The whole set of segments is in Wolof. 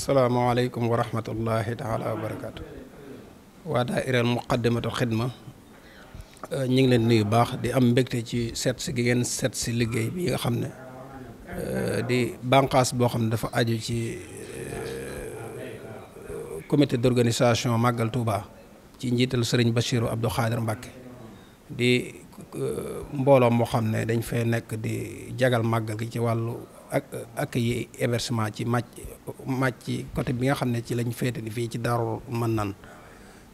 salaamaaleykum wa rahmatullahi taala wa barakaatu waa daairal muqaddimatul xidma euh, ñu ngi leen nuyu baax di am mbégte ci seet si gi ngeen seet si liggéey bi nga xam ne euh, di banqaas boo xam ne dafa aju ci euh, comité d'organisation màggal Touba ci njiital sëriñ Bachiru Abdou Khadir Mbacke di mbooloo moo xam ne dañ fay nekk di jagal màggal gi ci wàllu ak ak yi hébergement ci màcc màcc ci côté bi nga xam ne ci lañ féete ni fii ci Daaru Manaan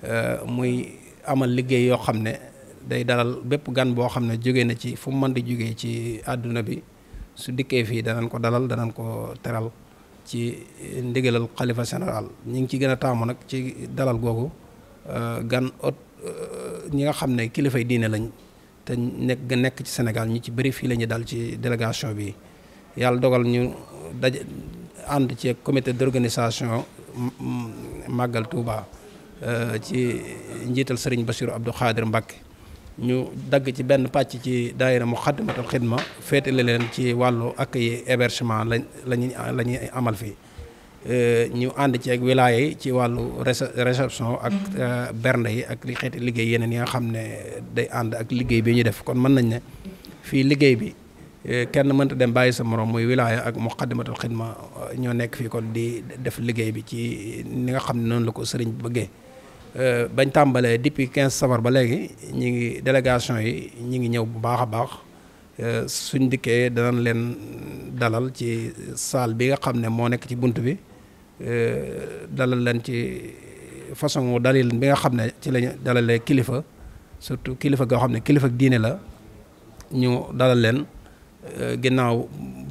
euh, muy amal liggéey yoo xam ne day dalal bépp gan boo xam ne jóge na ci fu mu mën di jógee ci àdduna bi su dikkee fii danañ ko dalal danañ ko teral ci ndigalal xalifa général ñi ngi ci gën a taamu nag ci dalal googu euh, gan ot euh, ñi nga xam ne kilifay diine lañ te nekk nekk ci Sénégal ñu ci bëri fii la ñuy dal ci délégation bi yàlla dogal ñu daj ànd ci comité d'organisation màggal Touba euh, ci njiital sëriñ Bassirou Abdou Khadir Mbacké ñu dagg ci benn pàcc ci daayira Muxaddamatul Xidma féetale leen ci wàllu ak hébergement lañ lañuy la ñuy amal fii euh, ñu ànd ci ak wilaaya yi ci wàllu réception ak euh, bernde yi ak li xeeti liggéey yeneen yi nga xam ne day ànd ak liggéey bi ñu def kon mën nañ ne fii liggéey bi kenn mënta dem bàyyi sa moroom muy wilaaya ak Muxaddamatul Xidma ñoo nekk fii ko di def liggéey bi ci ni nga xam ne noonu la ko sëriñ bi bëggee euh, bañ tàmbalee depuis quinze safar ba léegi ñu ngi délégation yi ñu ngi ñëw bu baax a baax euh, suñ dikkee danañ leen dalal ci salle bi nga xam ne moo nekk ci bunt bi euh, dalal leen ci façon dalil bi nga xam ne ci lañ dalalee kilifa surtout kilifa goo xam ne kilifa diine la ñu dalal leen ginnaaw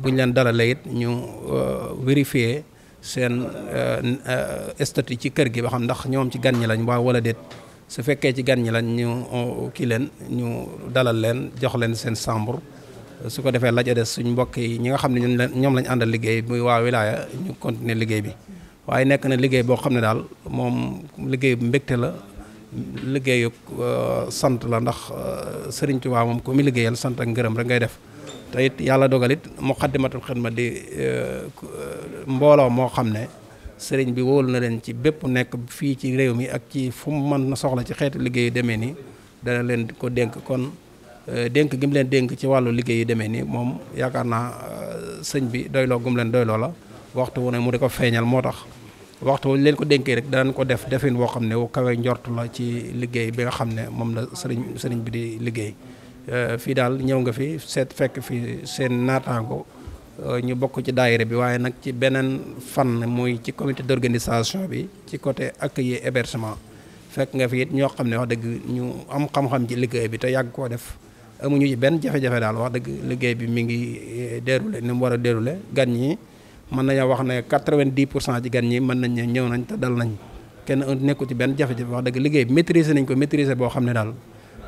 bu ñu leen dalalee it ñu euh, vérifier seen euh, euh, statut ci kër gi ba xam ndax ñoom ci gan ñi lañ waa wala déet su fekkee ci gan ñi lañ ñu kii leen ñu dalal leen jox leen seen chambre su ko defee laja des suñ mbokk yi ñi nga xam ne ñoom lañu àndal liggéey muy waa wilaaya ñu continuer liggéey bi waaye nekk na liggéey boo xam ne daal moom liggéey bu mbégte la liggéeyu sant la ndax Sëriñ Tuubaa moom ku mi liggéeyal sant ak ngërëm rek ngay def te it yàlla dogalit Muxaddamatul ma di euh, mbooloo moo xam ne sëriñ bi wóolu na leen ci bépp nekk fii ci réew mi ak ci fu mu mën na soxla ci xeetu liggéey yu demee nii dana leen ko dénk kon euh, dénk gi mu leen dénk ci wàllu liggéey demee nii moom yaakaar naa euh, sëñ bi doyloo gum leen doyloo la waxtu wu ne mu di ko feeñal moo tax waxtu wu leen ko dénkee rek danañ ko def defin woo xam ne wu kawe njort la ci liggéey bi nga xam ne moom la sëriñ sëriñ bi di liggéey Eh, fii daal ñëw nga fi seet fekk fi seen naataango eh, ñu bokk ci daayira bi waaye nag ci beneen fànn muy ci comité d'organisation bi ci côté accueil hébergement fekk nga fi it ñoo xam ne wax dëgg ñu am xam-xam ci liggéey bi te yàgg koo def amuñu ci benn jafe-jafe daal wax dëgg liggéey bi mi ngi eh, déroulé ni mu war a déroulé gan ñi mën nañoo wax ne quatre-vingt-dix pour cent ci gan ñi mën nañ ne ñëw nañ te dal nañ kenn nekku ci benn jafe-jafe wax dëgg liggéey bi maîtriser nañ ko maîtriser boo xam ne daal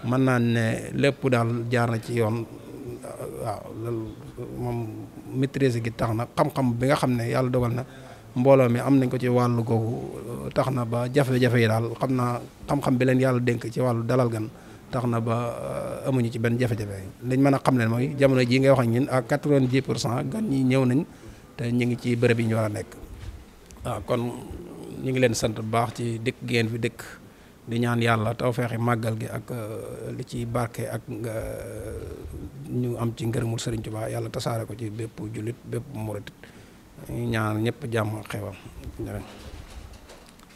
mën naa ne lépp daal jaar na ci yoon waaw loolu moom maîtrise gi tax na xam-xam bi nga xam ne yàlla dogal na mbooloo mi am nañ ko ci wàllu googu euh, tax na ba jafe-jafe yi daal xam naa xam-xam bi leen yàlla dénk ci wàllu dalal gan tax na ba euh, amuñu ci benn jafe-jafe liñ mën a xam leen mooy jamono jii ngay wax ak ñun à quatre-vingt-dix pour cent gan ñi ñëw nañ te ñu ngi ci bërëb yi ñu war nekk waaw kon ñu ngi leen sant bu baax ci dëkk geen fi dëkk di ñaan yàlla tawfeexi màggal gi ak euh, li ci barke ak ñu am ci ngërëmul ci Tuubaa yàlla tasaare ko ci bépp jullit bépp murit ñaan ñëpp jàmm ak xewam